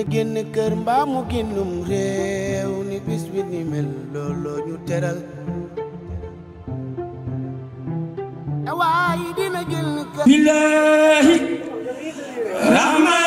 na génn kër mbaa mu génnum réew ni bis bi ni mel looloo ñu teral waaye dina génn kër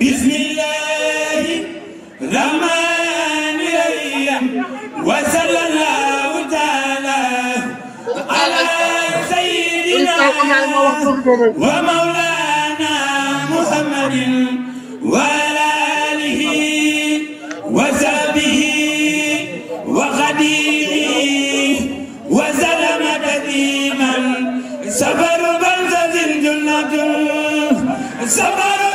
بسم الله الرحمن الرحيم وصلى الله تعالى على سيدنا ومولانا محمد وعلى آله وصحبه وخديمه وسلم تسليما سفر بنزة جنة سفر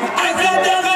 I said that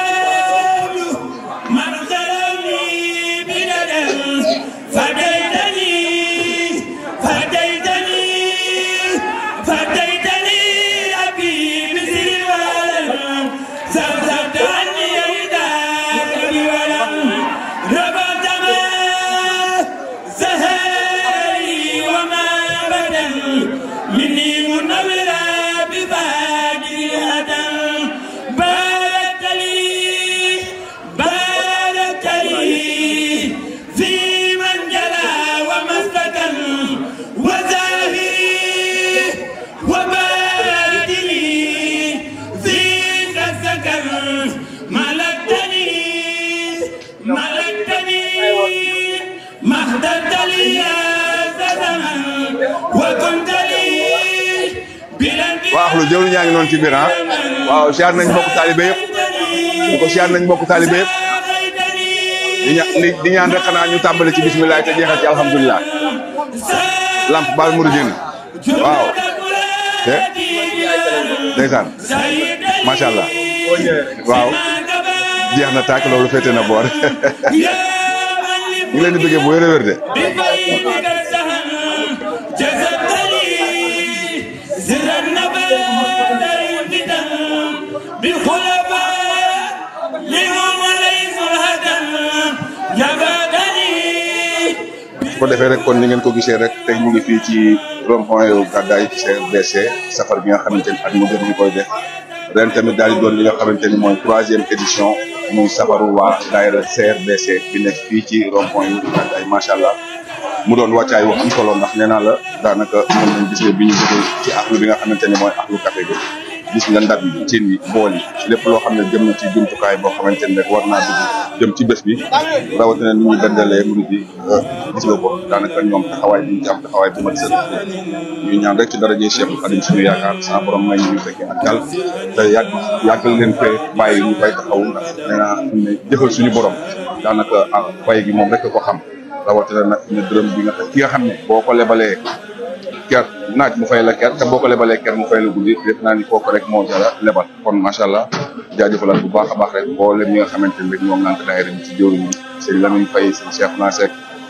jëwlu ñaa ngi noonu ci biir ah waaw siyaar nañ mbokk taalibe yëpp ñu ko siyaar nañ mbokk taalibe yëpp di ñaan rek xanaa ñu tàmbale ci bismillah te jeexal ci alhamdulilah lamp baal muridin waaw te ndeysaan macha allah waaw jeex na tàkk loolu féete na boor ngi leen di bu wér de ko defee rek kon ni ngeen ko gisee rek tey ñu ngi fii ci rond point yu gàddaay CRBC safar bi nga xamante ni at mu jot ñu koy def ren tamit daal di doon li nga xamante ni mooy troisième édition muy safaru waa daayira CRBC bi nekk fii ci rond point yu macha allah. mu doon wàccaay wu am solo ndax nee la daanaka mën gis ne bi ci axlu bi nga xamante ni mooy axlu café bi gis nga ndab yi cin bool yi loo xam ne jëm na ci jumtukaay boo xamante ne rek war naa dugg. jëm ci bés bi rawatina ni ñu bendalee murid yi euh, gis nga ko daanaka ñoom taxawaay bi ñu ci am taxawaay bu mat sëkk ñuy ñaan rek ci dara jëye Cheikh Xadim suñu yaakaar sa borom may ñu fekkee ak daal te yàgg yàggal leen fee bàyyi ñu bay taxaw ndax nee naa ne jëfal suñu borom daanaka bay ah, gi moom rek ko xam rawatina na ñu dërëm bi nga nga xam ne boo ko lebalee ker naaj mu fay la ker te boo ko lebalee ker mu fay la guddi def naa ni kooku rek moo jara lebal kon macha allah jaajëfalaat bu baax a baax rek ñi nga xamante ne rek ñoo ngànk daayira bi ci jëwriñ yi sëñ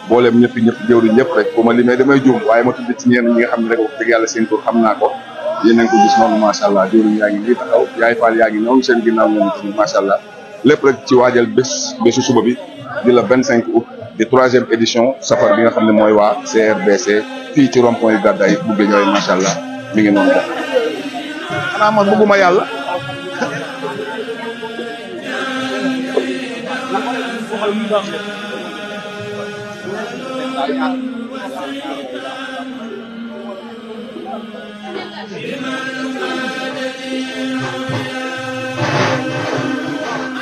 Lamine ñëpp ñëpp jëwriñ ñëpp rek bu ma limee damay juum waaye ma tudd ci ñeen yàlla seen tur xam naa ko yéen a ngi ko gis noonu macha allah jëwriñ yaa ngi nii taxaw yaay faal yaa ngi noonu seen ginnaaw ñoom tamit macha allah lépp rek ci waajal bés bésu suba bi di la vingt cinq août di troisième édition safar bi nga xam ne mooy waa CRBC fii ci rond point Gàddaay bu Guédiawaye macha allah mi ngi noonu def xanaa man bëgguma yàlla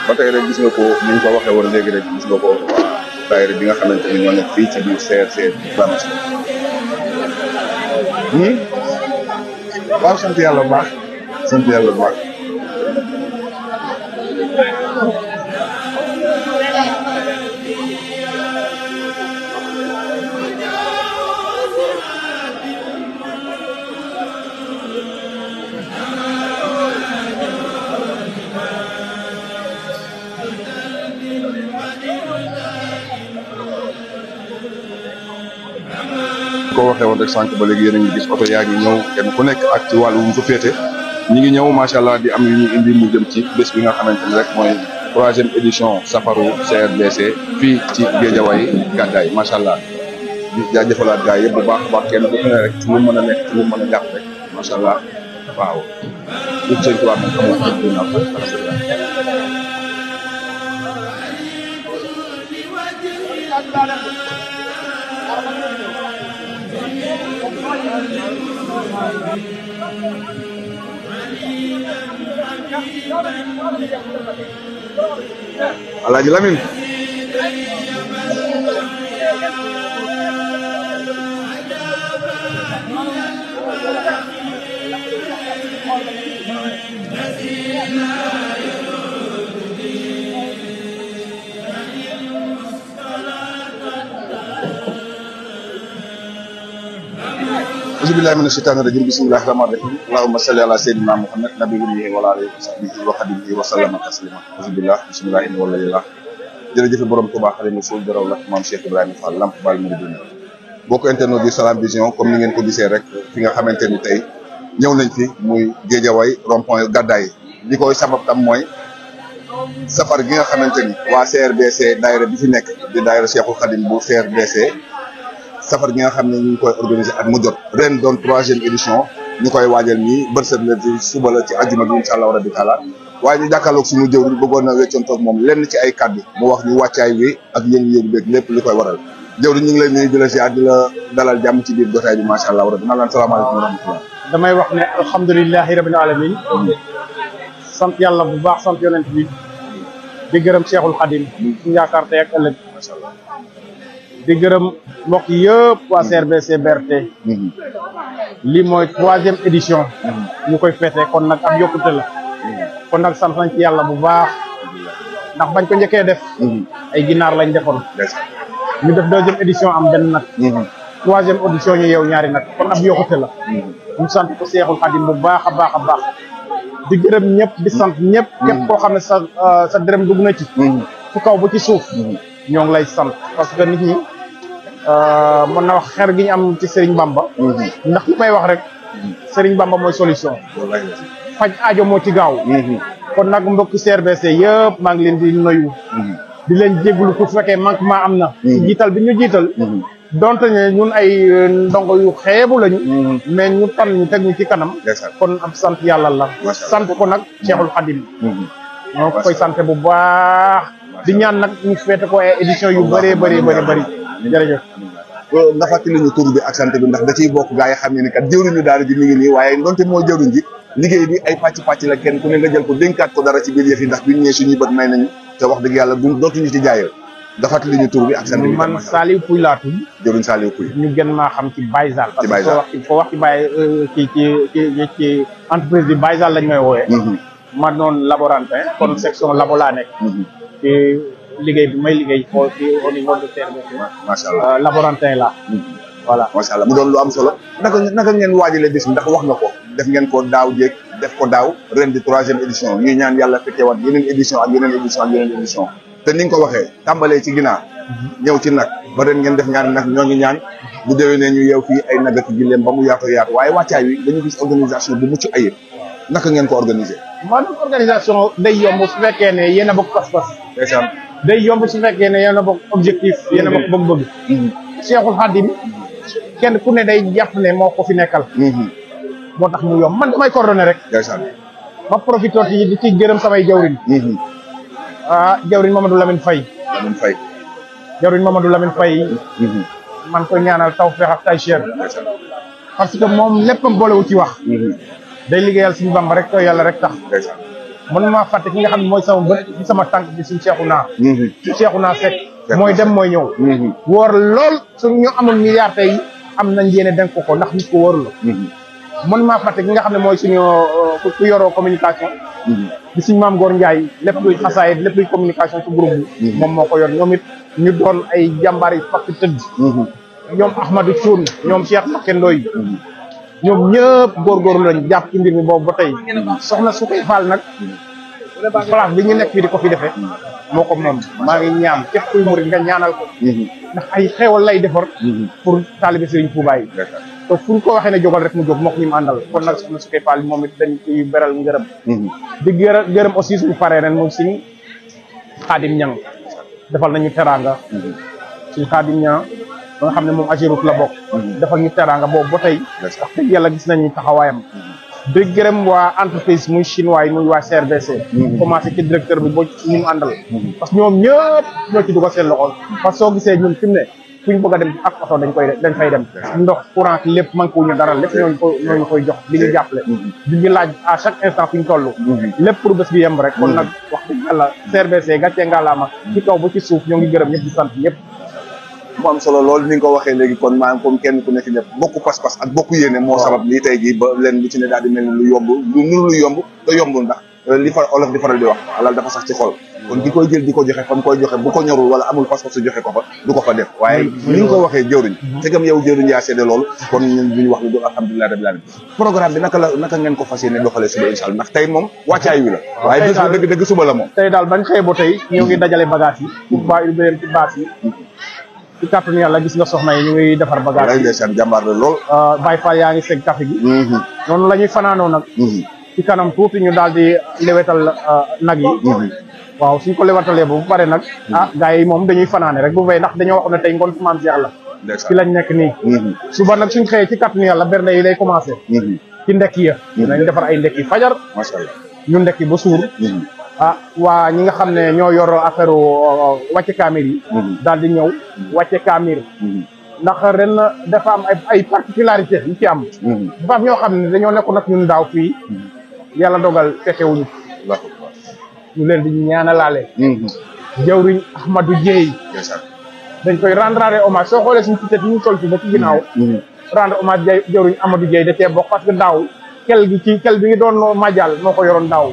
ba tey rek gis nga ko ni ñu ko waxee woon léegi gis nga ko daayira bi nga xamante ni ñoo nekk fii ci biir CRC Banos ñii waaw sant yàlla bu baax sant waxee woon rek sànq ba léegi yéen a ngi gis oto yaa ngi ñëw kenn ku nekk ak ci wàllu wu mu fa ñi ngi ñëw macha allah di am yu ñuy indi mu jëm ci bés bi nga xamante ni rek mooy troisième édition safaru CRDC fii ci Géejawaay gàddaay macha allah di jaajëfalaat gars yëpp bu baax baax kenn ku ne rek ci lu mën a nekk ci lu mën a jàpp rek macha allah waaw ut seen tubaab nag amul ak Alaaji Lamin auzu billahi mina shaytani rajim bismillahi rahmani rahim allahumma salli ala sayyidina muhammad nabiyyi wa ala alihi wa sahbihi wa xadimihi wa sallama taslima auzu billahi bismillahi inna walillah jërëjëf borom Tuubaa Xaadimu Rasuul jërëw la maam Cheikh Ibrahima Fall Lamp Baal Mouridina bokk internet yu Salam Vision comme ni ngeen ko gisee rek fi nga xamante ni tey ñëw nañ fi muy Géejawaay rond-point Gàddaay li koy sabab tam mooy safar gi nga xamante ni waa CRBC daayira bi fi nekk di daayira Cheikhul Xadim bu CRBC safar gi nga xam ne ñu ngi koy organiser ak mu jot ren doon troisième édition ñu koy waajal nii bët set la ci suba la ci ajuma bi incha allahu rabi taala waaye ñu jàkkaarloog suñu jëwriñ bëggoon na weccoon toog moom lenn ci ay kàddu mu wax ñu wàccaay ak yëngu-yëngu beeg li koy waral jëwriñ ñu ngi la ziar di la dalal jàmm ci biir jotaay bi macha allah rabi maa ngi leen salaamaaleykum wa rahmatullah damay wax ne alhamdulilahi rabil alamin sant yàlla bu baax sant yonent bi bi gërëm Cheikhul Khadim mm. suñu yaakaar tey ak ëllëg di gërëm mbokk yëpp waa CRBC BRT mhm. lii mooy troisième édition mhm. ñu koy feete kon nag ab yokkute la mhm. kon nag sant nañ ci yàlla bu baax ndax bañ ko njëkkee def ay ginaar lañ defoon ñu def deuxième édition am benn nag troisième édition ñu yeew ñaari nag kon ab yokkute la ñu sant ko Seexul Xadim bu baax a baax a baax di gërëm ñëpp di sant ñëpp képp koo xam ne sa euh, sa dërëm dugg na ci fu kaw ba ci suuf ñoo lay sant parce que nit ñi Euh, mën na wax xer gi ñu am ci Serigne Bamba. Mhm. ndax li may wax rek. Serigne Bamba mooy solution. faj ajo moo ci gaaw. Mhm. kon nag mbokki CRBC yëpp maa ngi leen di nuyu. Mhm. di leen jégalu ku fekkee maa am na. ci jiital bi ñu jiital. donte ne ñun ay euh, ndongo yu xeebu lañu. mais ñu tan ñu teg ñu ci kanam. kon am sant yàlla la. sant ko nag Cheikhul Khadim. ñoo koy sant bu baax. di ñaan nag ñu feete ko ay édition yu bëree bëri bëri bëri. jërëjëf nga fàttali ñu tur bi ak sant bi ndax da ciy bokk gaa yi xam ne kat jëwriñu daara ji mi ngi waaye donte moo jëwriñ ji liggéey bi ay pàcc pàcc la kenn ku ne nga jël ko dénkaat ko dara ci biir yëf yi ndax biñ ñëwee suñuy bët may nañu te wax dëgg yàlla du dootuñu ci jaayal nga fàttali ñu tur bi ak sant bi man Saliou Pouy laa tudd jëwriñ Saliou Pouy ñu gën maa xam ci Baye Sall parce que wax ko wax ci Baye euh, ci ci ci entreprise bi Baye lañ may woowee mm-hmm. ma doon laborantin kon section labo laa nekk mm-hmm. liggéey bi may liggéey foo fi au niveau de TRBC. macha allah euh, laborantin la. Hmm. mu doon lu am solo. naka ngeen waajalee bés bi ndax wax nga ko. def ngeen ko daaw jéeg def ko daaw ren di troisième édition ñuy ñaan yàlla fekkeewaat yeneen yeneen édition ak yeneen édition. te ni ko waxee tàmbalee ci ginnaaw. Mhm. ñëw ci nag ba ren ngeen def ñaari nag ñoo ngi ñaan bu déwénee ñu yeew fii ay nagat gi leen ba mu yaatu yaatu waaye wàccaay wi dañu gis organisation bu mucc ayib naka ngeen ko organiser. a day yomb si nekkee ne yéen a objectif yéen a bokk mm-hmm. bëgg-bëgg Cheikhul mm-hmm. Khadim kenn ku ne day jàpp ne moo ko fi nekkal mm-hmm. moo tax mu yomb man damay coordonné rek ma profité yi di ci gërëm samay jawrin ah jawrin Mamadou Lamine Faye Lamine Faye jawrin Mamadou Lamine Faye man koy ñaanal tawfeex ak tayseer parce que moom léppam boolewul ci wax day liggéeyal suñu Bamba rek to yàlla rek tax mën maa fàtte ki nga xam ne mooy sama bët ci sama tànk bi suñ seexu naa mhm. seexu naa sekk mooy dem mooy ñëw mhm. woor lool suñu amul milliard tey am nañ yéene denk ko ko ndax nit ko wóoru la mhm. mën maa fàtte ki nga xam ne mooy suñu euh, ku yoroo communication di suñ maam Góor Njaay lépp luy xasaayit lépp luy communication ci groupe bi moom moo ko yor ñoom it ñu doon ay jàmbaar yi fakk tëdd ñoom Ahmadou Thioune ñoom Cheikh Makendoy ñoom góor góor lañ jàpp ci mbir mi boobu ba tey soxna su koy faal nag place bi ñu nekk fi di ko fi defee moo ko moom maa ngi ñaan képp kuy murit nga ñaanal ko ndax ay xeewal lay defar pour taalibe Sëriñ Tuubaa yi te fu ñu ko waxee ne jógal rek mu jóg moo ko ñu mu àndal kon nag soxna su koy faal moom it dañ koy beral ngërëm di gërëm aussi suñu paree ren moom suñu xaadim ñang defal nañu teraanga suñu xaadim ñang ba nga xam ne moom Ageroute la bokk. defal ñu teraanga boobu ba tey. ndax dëgg yàlla gis nañu taxawaayam. di gërëm waa entreprise muy chinois yi muy waa CRBC. Mm-hmm. commencé ci directeur bi ba ñu mu àndal. Mm-hmm. parce que ñoom ñëpp ñoo ci dugal seen loxo. que gisee ñun fi mu ne a dem ak koy dañ fay dem. ndox courant lépp manqué wu ñu dara lépp ñooñu ko ñooñu koy jox di ñu jàppale. Mm-hmm. di ñu laaj à chaque instant fu ñu toll. lépp pour bés bi yem rek. kon nag wax dëgg yàlla CRBC gàcce ngalaama. ci kaw ba ci suuf ñoo ngi gërëm ñëpp di sant ñëpp. mu am solo lool ni nga ko waxee léegi kon maanaam comme kenn ku nekk ñëpp bokku pas-pas ak bokku yéene moo sabab lii tey ba leen lu ci ne daal di ci xol kon di mm-hmm. nga ko waxee tey moom ngi dajale bagage yi pour ba mm-hmm. beneen ci base yi ci kàttanu yàlla gis nga soxna yi ñu ngi defar bagage yi ndeysaan jàmbaar la lool ah, Baye ngi fekk café gi mm-hmm. la ñuy fanaanoo nag mm-hmm. ci kanam tuuti ñu daal di lewetal ah, nag yi mm-hmm. waaw suñ ko lewatalee ba bu pare nag ah yi moom dañuy fanaane rek bu fay ndax dañoo waxoon ne tey la lañ nekk nii suba nag suñ xëyee ci kàttanu yàlla bernde yi lay commencé ci ndekki ya dinañ defar ay ndekki fajar macha allah ñu ndekki ba suur ah waa ñi nga xam ne ñoo yor affaire euh, wàcce kaamir yi mm-hmm. daal di ñëw mm-hmm. wàcce kaamir mm-hmm. ndax ren dafa am ay particularité yu ci am dafa am ñoo xam ne dañoo nekkoon nag ñun daaw fii yàlla dogal fekewuñu ñu leen di ñaanalaale jawriñ Ahmadou Dieye dañ koy rendre hommage soo xoolee suñu titet ñu sol ci ba ci ginnaaw rendre hommage jawriñ Ahmadou Dieye da cee bokk parce que daaw kel gi ci kel bi ñu doon majal moo ko yoroon daaw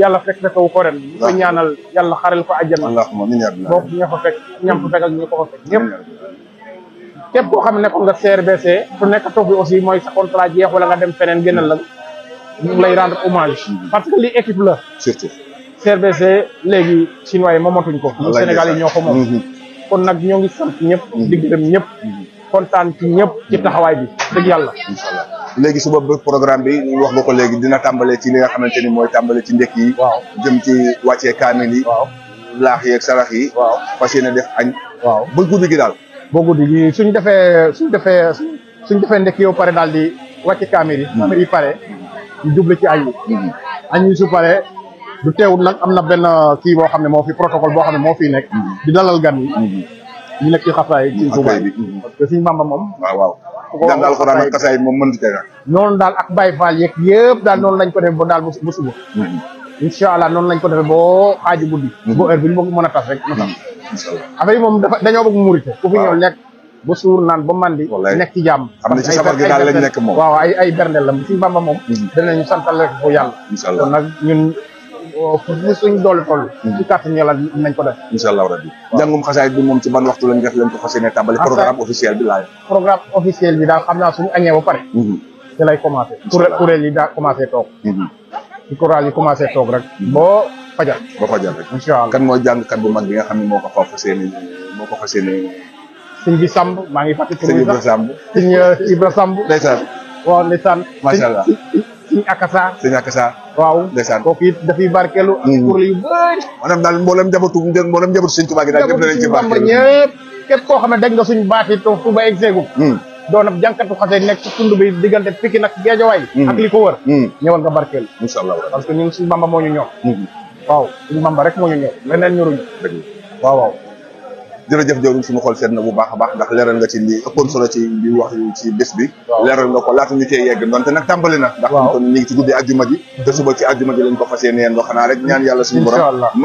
yàlla fekk na ko ko ren. bi ko ñaanal yàlla xaral ko àjjana. allahumma min yàlla bokk ña fa fekk ñam fa fekk ak ñu ko fa fekk ñëpp. képp koo xam ne nekkoon nga CRBC. su nekk toog aussi mooy sa contrat jeex wala nga dem feneen génnal la ñu ngi lay rendre hommage. Mm-hmm. parce que lii équipe la. surtout CRBC léegi chinois yi moomatuñ ko. ñu Sénégal yi ñoo ko moom. Mm-hmm. kon nag ñoo ngi sant ñëpp. Mm-hmm. di gërëm ñëpp. kontaan ci ñëpp ci taxawaay bi dëgg yàlla. léegi suba ba programme bi ñu wax nga ko léegi dina tàmbale ci li nga xamante ni mooy tàmbale ci ndékk yi. waaw jëm ci wàcce kaamil yi. waaw laax yeeg sarax yi. waaw fas def añ. waaw ba guddi gi daal. ba guddi gi suñ defee suñ defee suñ defee ndekki yow pare daal di wàcce kaamil yi. yi pare ñu ci añ yi. su pare du teewul nag am na benn kii boo xam ne moo fi protocole boo xam ne moo fi nekk. Mm-hmm. di dalal gan yi. Mm-hmm. ñu nekk ci xasaay ci suubaay bi parce que suñ moom jàng alxuraan ak kasaay moom mënut a noonu daal ak Baye Fall yeeg yëpp daal noonu lañ ko defee boo mm-hmm. aaju guddi mm-hmm. bo heure bi ñu bëgg mën a tas rek na tas mm-hmm. affaire yi moom dafa dañoo bëgg murite ku fi ñëw nekk ba suur naan ba mandi nekk ci jàmm xam ne ci safar gi daal lañ nekk moom waaw ay ay berndel la suñu Bamba moom danañu santal rek ko yàlla kon nag ñun suñ doole toll ci kàttan yàlla nañ ko def incha allah rabbi jàngum xasaayit bi moom ci ban waxtu lañ def lañ ko fas yéene tàmbali programme officiel bi laay programme officiel bi daal xam naa suñu añee ba pare mhm. ci lay commencé kuréel yi daa commencé toog boo mhm. mhm. fajar ba fajar rek incha allah kan mooy jàngkat bu mag bi nga xam ne moo ko fas yéene moo ko fas yéene sëñ bi Samb maa ngi fàttali sëñ Ibra Samb sëñ euh, Ibra Samb ndeysaan waaw sëñ Akasa. sëñ Akasa. waaw ndeysaan kooku it dafay barkeelu. ak mm. kuréel yu bëri. maanaam daal mboolem njabootu mboolem njabootu sëñ Tuubaa gi daal ñëpp danañ ci barkeelu koo xam ne dañ nga suñu baat yi to fu ba egg seegum. Mm. doon ab jànkatu xase nekk ci tund bi diggante Pikine ak Géejawaay. Mm. ak li ko wër. ñëwal nga barkeelu. incha allah parce que ñun suñu Bamba moo ñu ñor. Mm-hmm. waaw suñu Bamba rek moo ñu ñor leneen ñoruñu. waaw waaw jërëjëf jawriñ suñu xol seet na bu baax a baax ndax leeral nga ci li ëppoon solo ci li wax ci bés bi leeral nga ko laata ñu cee yegg donte nag tàmbali na ndax mm-hmm. kon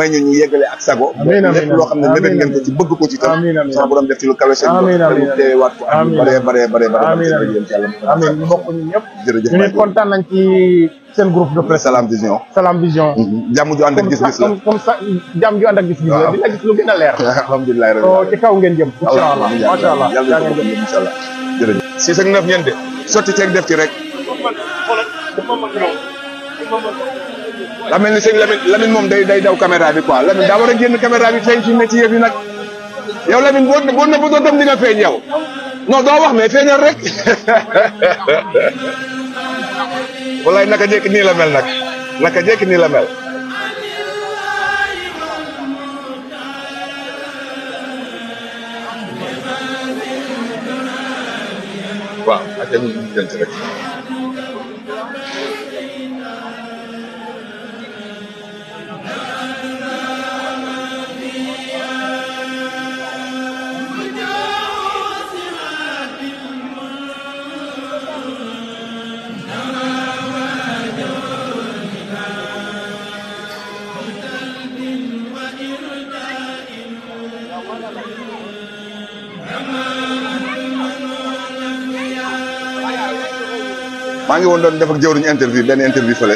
ñu ñu yeggale ak sago lépp loo xam ne mébét ngeen ko ci bëgg ko ci tam sama borom def ci lu kawe seen ñu ko am bare bare bare bare jërëjëf amiin mbokk ñu ñëpp seen groupe de presse Salam Vision. Salam Vision. Mm-hmm. jàmm ju ànd ak ak gis-gis la. dina lu gën a leer. alhamdulilah rabi oh, ci kaw ngeen jëm. incha allah macha allah yàlla nañu ko incha allah jërëjëf. six ak sotti ceeg def ci rek. daa mel ni sëñ la Lamine moom day day daw caméra bi quoi Lamine daa a génn caméra bi feeñ ci métier bi nag yow Lamine boo boo nëbbu doon tam di nga feeñ yow non doo wax mais feeñal rek. wallaay naka jekk nii la mel nag naka jekk nii la mel waaw ak yéen ñu jël ci rek maa ngi woon doon def ak jëwriñ interview benn interview fële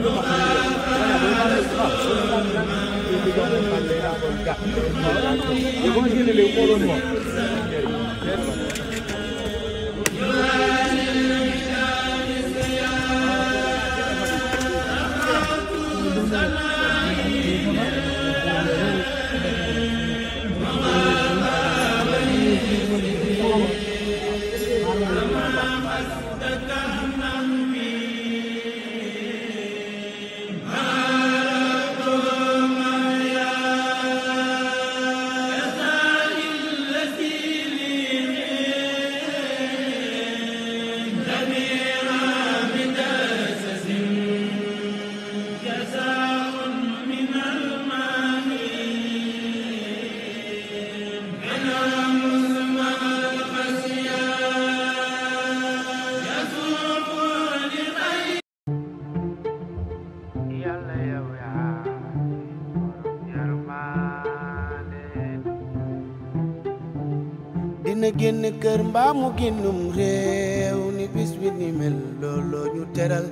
Thank you. kër mbaa mu génnum ni bis bi ni mel looloo teral